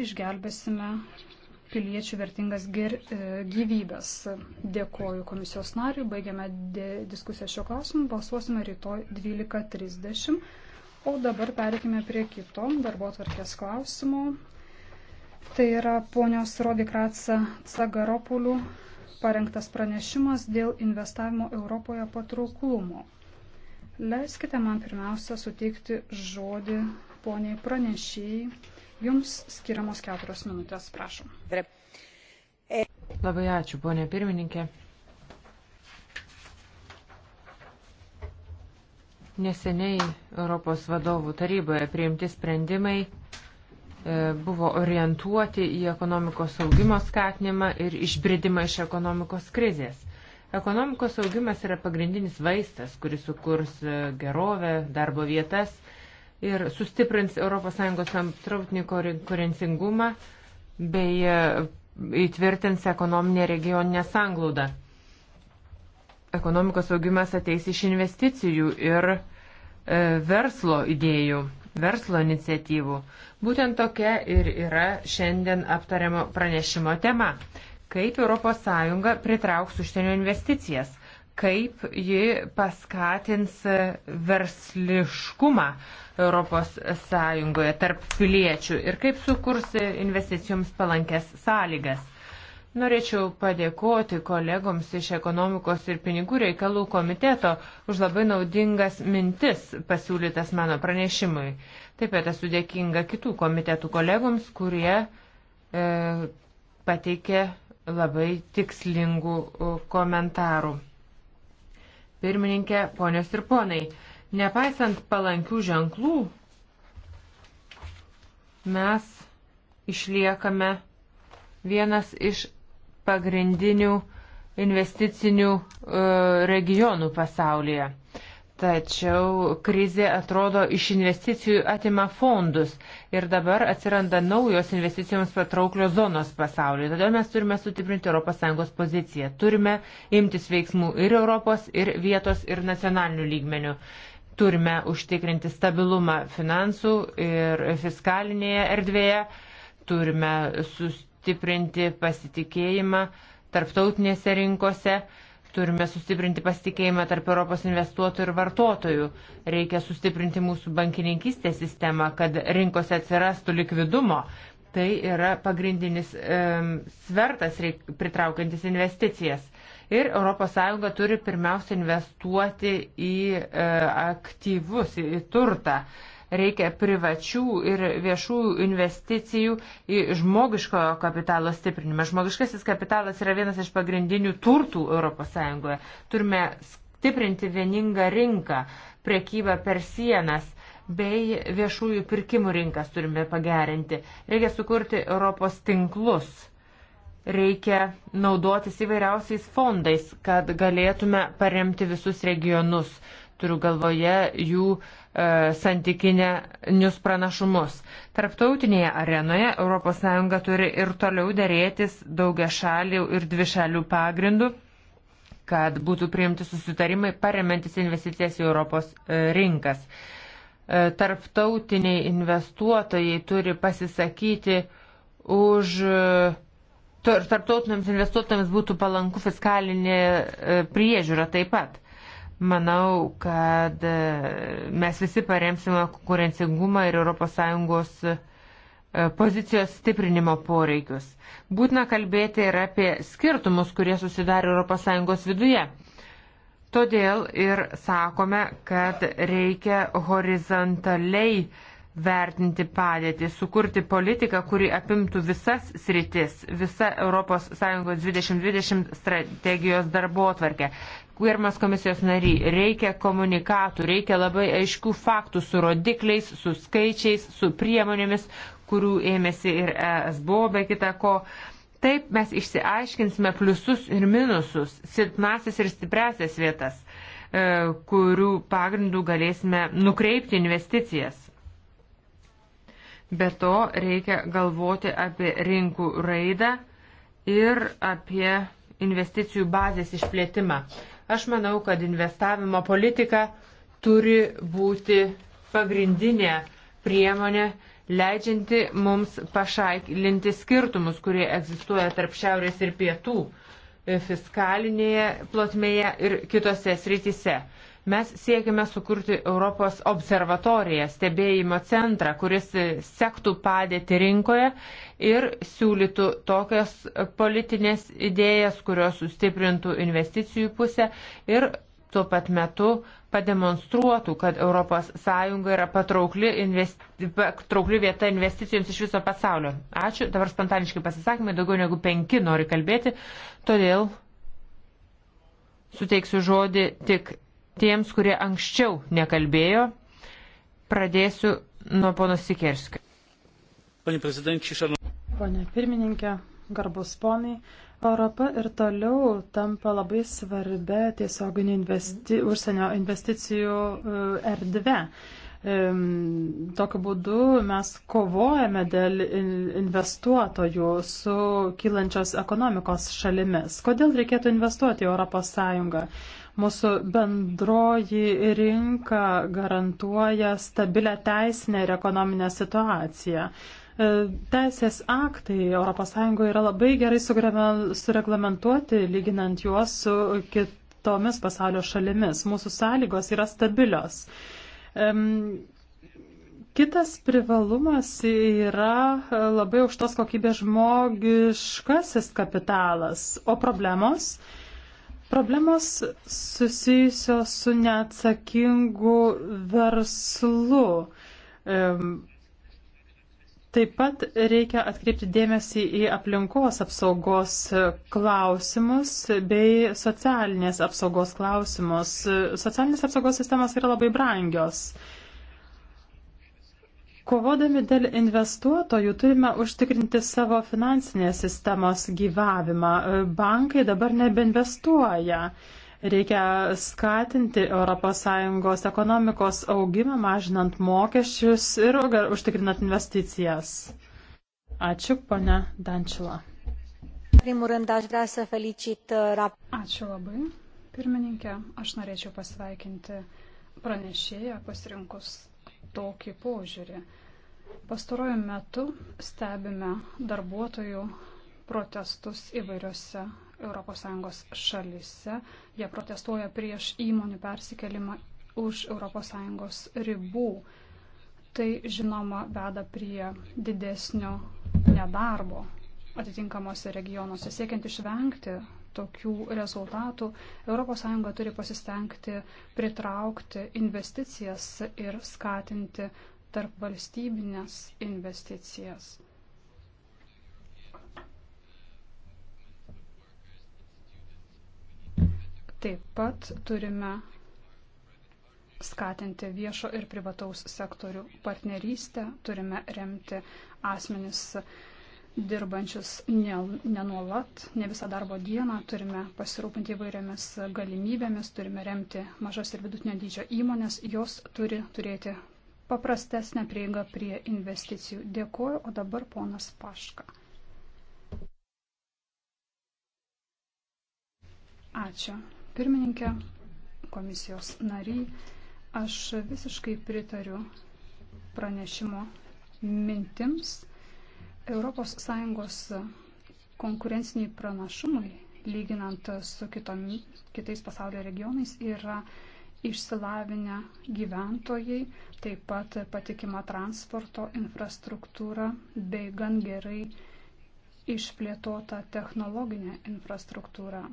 išgelbėsime piliečių vertingas ger, e, gyvybės. Dėkoju komisijos nariui, baigiame diskusiją šio klausimu, balsuosime rytoj 12.30. O dabar pereikime prie kito darbo tvarkės klausimo. Tai yra ponios Rodikratsa Cagaropulių parengtas pranešimas dėl investavimo Europoje patrauklumo. Leiskite man pirmiausia suteikti žodį poniai pranešėjai Jums skiriamos keturios minutės, prašom. Labai ačiū, ponė pirmininkė. Neseniai Europos vadovų taryboje priimti sprendimai e, buvo orientuoti į ekonomikos augimo skatinimą ir išbridimą iš ekonomikos krizės. Ekonomikos augimas yra pagrindinis vaistas, kuris sukurs e, gerovę, darbo vietas ir sustiprins ES antrautinį konkurencingumą bei e, įtvirtins ekonominę regioninę sanglaudą. Ekonomikos augimas ateis iš investicijų ir e, verslo idėjų, verslo iniciatyvų. Būtent tokia ir yra šiandien aptariamo pranešimo tema. Kaip ES pritrauks užsienio investicijas? kaip ji paskatins versliškumą ES tarp piliečių ir kaip sukurs investicijoms palankes sąlygas. Norėčiau padėkoti kolegoms iš ekonomikos ir pinigų reikalų komiteto už labai naudingas mintis pasiūlytas mano pranešimui. Taip pat esu dėkinga kitų komitetų kolegoms, kurie e, pateikė labai tikslingų komentarų pirmininkė, ponios ir ponai, nepaisant palankių ženklų, mes išliekame vienas iš pagrindinių investicinių e, regionų pasaulyje. Tačiau krizė atrodo iš investicijų atima fondus ir dabar atsiranda naujos investicijoms patrauklios zonos pasaulyje. Todėl mes turime sutiprinti ES poziciją. Turime imtis veiksmų ir Europos, ir vietos, ir nacionalinių lygmenių. Turime užtikrinti stabilumą finansų ir fiskalinėje erdvėje. Turime sustiprinti pasitikėjimą tarptautinėse rinkose Turime sustiprinti pasitikėjimą tarp Europos investuotojų ir vartotojų. Reikia sustiprinti mūsų bankininkystės sistemą, kad rinkose atsirastų likvidumo. Tai yra pagrindinis e, svertas reik, pritraukiantis investicijas. Ir ES turi pirmiausia investuoti į e, aktyvus, į turtą. E, Reikia privačių ir viešų investicijų į žmogiškojo kapitalo stiprinimą. Žmogiškasis kapitalas yra vienas iš pagrindinių turtų ES. Turime stiprinti vieningą rinką, priekybą per sienas bei viešųjų pirkimų rinkas turime pagerinti. Reikia sukurti Europos tinklus. Reikia naudotis įvairiausiais fondais, kad galėtume paremti visus regionus turiu galvoje jų e, santykinės pranašumus. Tarptautinėje arenoje ES turi ir toliau dėrėtis daugia šalių ir dvi šalių pagrindų, kad būtų priimti susitarimai paremantis investicijas į Europos e, rinkas. E, tarptautiniai investuotojai turi pasisakyti už. E, tarptautiniams investuotojams būtų palanku fiskalinė e, priežiūra taip pat. Manau, kad e, mes visi paremsime konkurencingumą ir ES e, pozicijos stiprinimo poreikius. Būtina kalbėti ir apie skirtumus, kurie susidarė ES viduje. Todėl ir sakome, kad reikia horizontaliai vertinti padėtį, sukurti politiką, kuri apimtų visas sritis, visą ES 2020 strategijos darbo atvarkę. Guirmas komisijos nariai, reikia komunikatų, reikia labai aiškių faktų su rodikliais, su skaičiais, su priemonėmis, kurių ėmėsi ir ESBO be kita ko. Taip mes išsiaiškinsime pliusus ir minususus, silpnasis ir stipresias vietas, e, kurių pagrindų galėsime nukreipti investicijas. Be to reikia galvoti apie rinkų raidą ir apie investicijų bazės išplėtimą. Aš manau, kad investavimo politika turi būti pagrindinė priemonė, leidžianti mums pašailinti skirtumus, kurie egzistuoja tarp šiaurės ir pietų e, fiskalinėje plotmėje ir kitose srityse. Mes siekime sukurti Europos observatoriją, stebėjimo centrą, kuris sektų padėti rinkoje ir siūlytų tokias politinės idėjas, kurios sustiprintų investicijų pusę ir tuo pat metu pademonstruotų, kad ES yra patraukli, investi... patraukli vieta investicijoms iš viso pasaulio. Ačiū. Dabar spontaniškai pasisakymai, daugiau negu penki nori kalbėti, todėl suteiksiu žodį tik tiems, kurie anksčiau nekalbėjo. Pradėsiu nuo pono Sikerskio. Pane prezidentė, šiandien. Pone pirmininkė, garbus ponai, Europa ir toliau tampa labai svarbia tiesioginių investi užsienio investicijų e, erdve. Tokiu būdu mes kovojame dėl investuotojų su kylančios ekonomikos šalimis. Kodėl reikėtų investuoti į ES? Mūsų bendroji rinka garantuoja stabilę teisinę ir ekonominę situaciją. E, teisės aktai ES yra labai gerai sureglamentuoti, lyginant juos su kitomis pasaulio šalimis. Mūsų sąlygos yra stabilios. Kitas privalumas yra labai aukštos kokybės žmogiškasis kapitalas, o problemos Problemos susijusios su neatsakingu verslu. Taip pat reikia atkreipti dėmesį į aplinkos apsaugos klausimus bei socialinės apsaugos klausimus. Socialinės apsaugos sistemas yra labai brangios. Kovodami dėl investuotojų turime užtikrinti savo finansinės sistemos gyvavimą. Bankai dabar nebeinvestuoja. Reikia skatinti ES ekonomikos augimą, mažinant mokesčius ir užtikrinant investicijas. Ačiū, ponia Dančila. Uh, Ačiū labai. Pirmininkė, aš norėčiau pasveikinti pranešėją pasirinkus tokį požiūrį. Pastaruoju metu stebime darbuotojų protestus įvairiose ES šalise. Jie protestuoja prieš įmonių persikelimą už ES ribų. Tai, žinoma, veda prie didesnio nedarbo atitinkamuose regionuose. Siekiant išvengti tokių rezultatų, ES turi pasistengti pritraukti investicijas ir skatinti tarp valstybinės investicijas. Taip pat turime skatinti viešo ir privataus sektorių partnerystę, turime remti asmenis dirbančius ne, ne nuolat, ne visą darbo dieną, turime pasirūpinti įvairiomis galimybėmis, turime remti mažas ir vidutinio dydžio įmonės, jos turi turėti paprastesnę prieigą prie investicijų. Dėkuoju, o dabar ponas Paška. Ačiū. Pirmininkė, komisijos nariai, aš visiškai pritariu pranešimo mintims ES konkurenciniai pranašumai, lyginant su kitom, kitais pasaulio regionais, yra išsilavinę gyventojai, taip pat patikima transporto infrastruktūra bei gan gerai išplėtota technologinė infrastruktūra.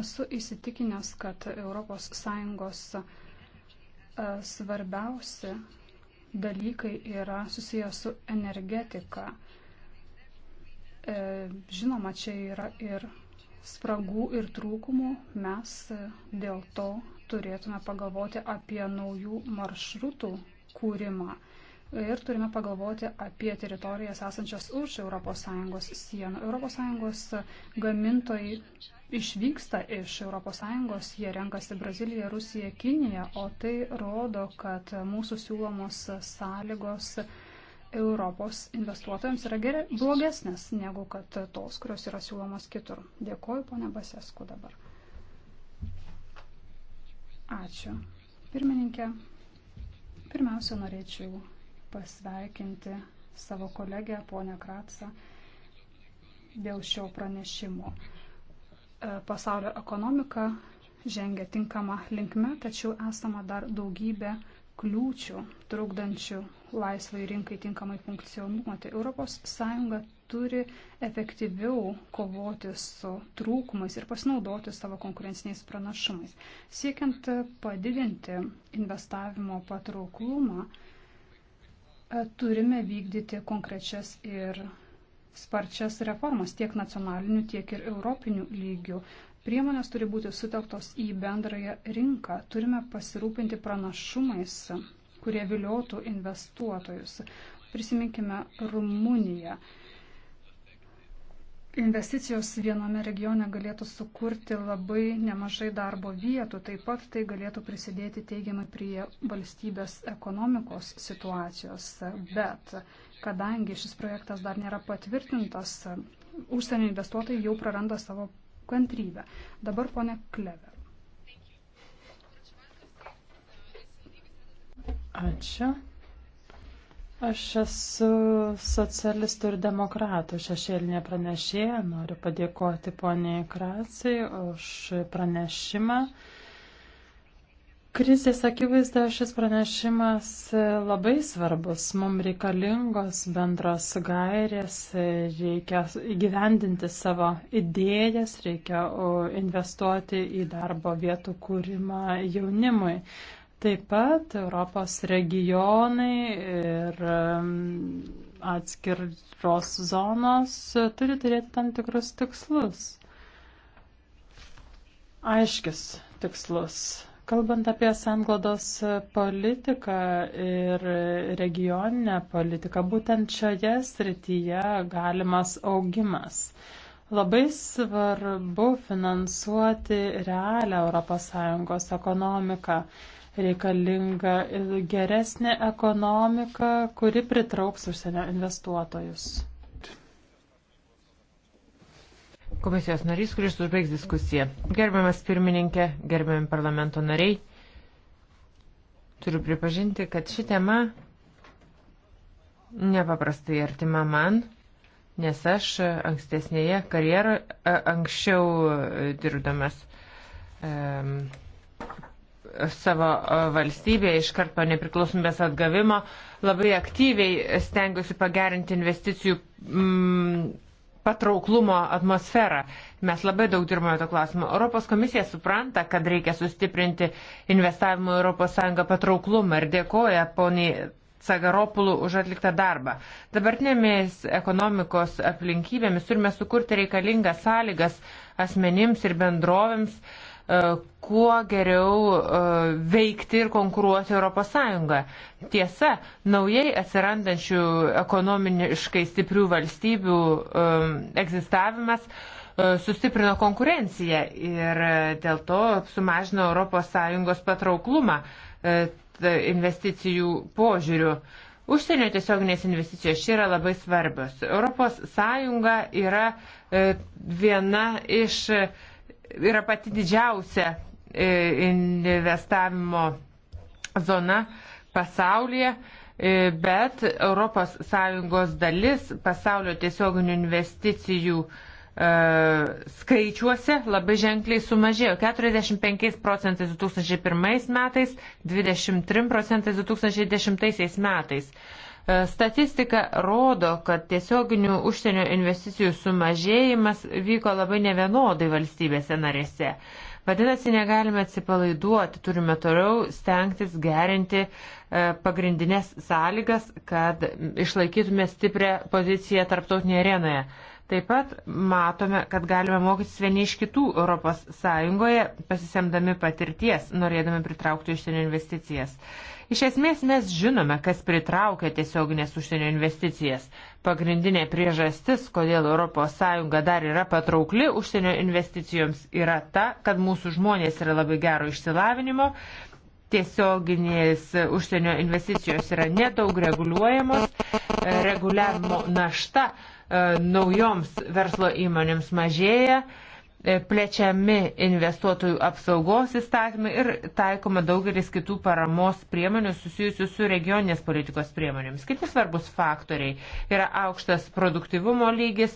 Esu įsitikinęs, kad ES e, svarbiausi dalykai yra susijęs su energetika. E, žinoma, čia yra ir spragų ir trūkumų. Mes e, dėl to turėtume pagalvoti apie naujų maršrutų kūrimą ir turime pagalvoti apie teritorijas esančias už ES sienų. ES gamintojai išvyksta iš ES, jie renkasi Braziliją, Rusiją, Kiniją, o tai rodo, kad mūsų siūlomos sąlygos Europos investuotojams yra geria, blogesnės negu kad tos, kurios yra siūlomos kitur. Dėkoju, ponė Basesku dabar. Ačiū. Pirmininkė, pirmiausia, norėčiau pasveikinti savo kolegę, ponę Kratsą, dėl šio pranešimo. E, pasaulio ekonomika žengia tinkama linkme, tačiau esama dar daugybė kliūčių, trukdančių laisvai rinkai tinkamai funkcionuoti. ES turi efektyviau kovoti su trūkumais ir pasinaudoti savo konkurenciniais pranašumais. Siekiant padidinti investavimo patrauklumą, E, turime vykdyti konkrečias ir sparčias reformas tiek nacionaliniu, tiek ir europiniu lygiu. Priemonės turi būti sutelktos į bendrąją rinką. Turime pasirūpinti pranašumais, kurie viliotų investuotojus. Prisiminkime Rumuniją investicijos viename regione galėtų sukurti labai nemažai darbo vietų, taip pat tai galėtų prisidėti teigiamai prie valstybės ekonomikos situacijos. Bet kadangi šis projektas dar nėra patvirtintas, užsienio investuotojai jau praranda savo kantrybę. Dabar ponė Klever. Ačiū. Aš esu socialistų ir demokratų šešėlinė pranešėja. Noriu padėkoti poniai Kracijai už pranešimą. Krizės akivaizdoje šis pranešimas labai svarbus. Mums reikalingos bendros gairės, reikia įgyvendinti savo idėjas, reikia investuoti į darbo vietų kūrimą jaunimui. Taip pat Europos regionai ir atskiros zonos turi turėti tam tikrus tikslus. Aiškis tikslus. Kalbant apie sanglodos politiką ir regioninę politiką, būtent šioje srityje galimas augimas. Labai svarbu finansuoti realią ES ekonomiką reikalinga geresnė ekonomika, kuri pritrauks užsienio investuotojus. Komisijos narys, kuris užbaigs diskusiją. Gerbiamas pirmininkė, gerbiami parlamento nariai, turiu pripažinti, kad ši tema nepaprastai artima man, nes aš ankstesnėje karjeroje, anksčiau e, dirbdamas. Um, savo e, valstybėje iškart po nepriklausomybės atgavimo labai aktyviai stengiuosi pagerinti investicijų mm, patrauklumo atmosferą. Mes labai daug dirbame to klausimo. Europos komisija supranta, kad reikia sustiprinti investavimo ES patrauklumą ir dėkoja poniai Cagaropulų už atliktą darbą. Dabartinėmis ekonomikos aplinkybėmis turime sukurti reikalingas sąlygas asmenims ir bendrovėms uh, kuo geriau e, veikti ir konkuruoti ES. Tiesa, naujai atsirandančių ekonominiškai stiprių valstybių e, egzistavimas e, sustiprino konkurenciją ir dėl to sumažino ES patrauklumą investicijų požiūrių. Užsienio tiesioginės investicijos čia yra labai svarbios. ES yra viena iš yra pati didžiausia e, investavimo zona pasaulyje, e, bet ES dalis pasaulio tiesioginių investicijų e, skaičiuose labai ženkliai sumažėjo. 45 procentais 2001 metais, 23 procentais 2010 metais. E, statistika rodo, kad tiesioginių užsienio investicijų sumažėjimas vyko labai nevienodai valstybėse narėse. Vadinasi, negalime atsipalaiduoti, turime toliau stengtis gerinti e, pagrindinės sąlygas, kad išlaikytume stiprią poziciją tarptautinėje arenoje. Taip pat matome, kad galime mokytis vieni iš kitų ES, pasisemdami patirties, norėdami pritraukti užsienio investicijas. Iš esmės mes žinome, kas pritraukia tiesioginės užsienio investicijas. Pagrindinė priežastis, kodėl ES dar yra patraukli užsienio investicijoms, yra ta, kad mūsų žmonės yra labai gero išsilavinimo, tiesioginės užsienio investicijos yra nedaug reguliuojamos, reguliavimo našta e, naujoms verslo įmonėms mažėja E, plečiami investuotojų apsaugos įstatymai ir taikoma daugelis kitų paramos priemonių susijusių su regioninės politikos priemonėmis. Kiti svarbus faktoriai yra aukštas produktivumo lygis,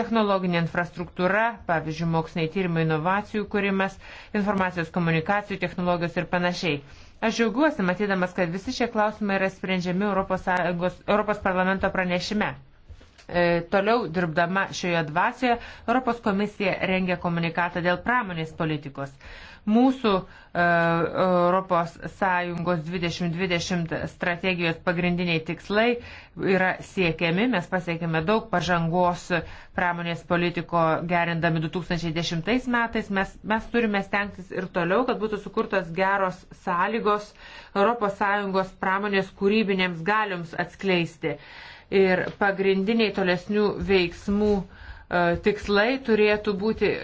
technologinė infrastruktūra, pavyzdžiui, moksliniai tyrimai, inovacijų kūrimas, informacijos komunikacijų technologijos ir panašiai. Aš džiaugiuosi matydamas, kad visi šie klausimai yra sprendžiami Europos, Sąjungos, Europos parlamento pranešime. E, toliau dirbdama šioje dvasioje Europos komisija rengia komunikatą dėl pramonės politikos. Mūsų ES 2020 strategijos pagrindiniai tikslai yra siekiami. Mes pasiekėme daug pažangos pramonės politiko gerindami 2010 metais. Mes, mes turime stengtis ir toliau, kad būtų sukurtos geros sąlygos ES pramonės kūrybinėms galioms atskleisti ir pagrindiniai tolesnių veiksmų e, tikslai turėtų būti e,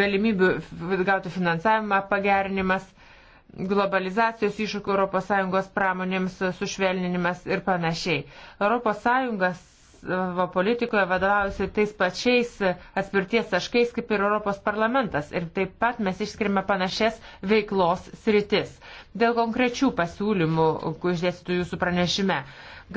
galimybių gauti finansavimą pagerinimas, globalizacijos iššūkių ES pramonėms sušvelninimas ir panašiai. ES savo politikoje vadovaujasi tais pačiais atspirties taškais kaip ir Europos parlamentas. Ir taip pat mes išskiriame panašias veiklos sritis. Dėl konkrečių pasiūlymų, kur išdėstų jūsų pranešime,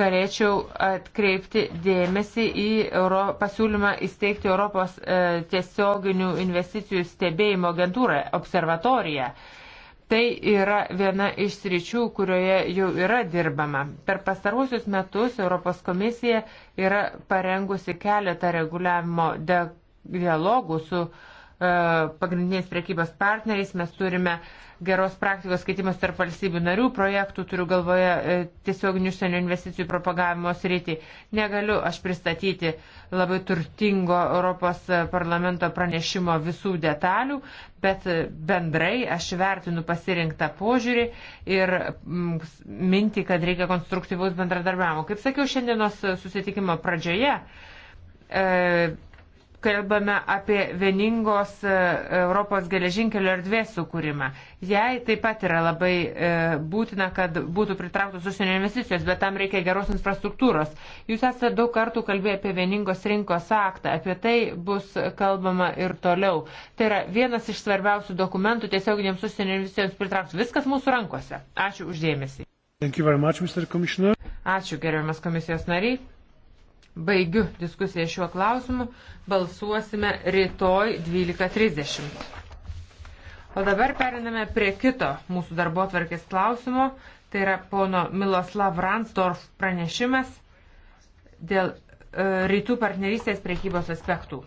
galėčiau atkreipti dėmesį į Euro, pasiūlymą įsteigti Europos e, tiesioginių investicijų stebėjimo agentūrą, observatoriją. E, Tai yra viena iš sričių, kurioje jau yra dirbama. Per pastaruosius metus Europos komisija yra parengusi keletą reguliavimo dialogų su uh, E, pagrindiniais prekybos partneriais, mes turime geros praktikos skaitimas tarp valstybių narių projektų, turiu galvoje e, tiesioginių užsienio investicijų propagavimo sritį. Negaliu aš pristatyti labai turtingo Europos parlamento pranešimo visų detalių, bet e, bendrai aš vertinu pasirinktą požiūrį ir mintį, kad reikia konstruktyvaus bendradarbiavimo. Kaip sakiau šiandienos susitikimo pradžioje, kalbame apie vieningos e, Europos geležinkelio erdvės sukūrimą. Jai taip pat yra labai e, būtina, kad būtų pritrauktos užsienio investicijos, bet tam reikia geros infrastruktūros. Jūs esate daug kartų kalbėję apie vieningos rinkos aktą, apie tai bus kalbama ir toliau. Tai yra vienas iš svarbiausių dokumentų tiesioginėms užsienio investicijoms pritraukti. Viskas mūsų rankose. Ačiū uždėmesį. Much, Ačiū gerbiamas komisijos nariai. Baigiu diskusiją šiuo klausimu. Balsuosime rytoj 12.30. O dabar periname prie kito mūsų darbo atvarkės klausimo. Tai yra pono Miloslav Ransdorf pranešimas dėl e, rytų partnerystės priekybos aspektų.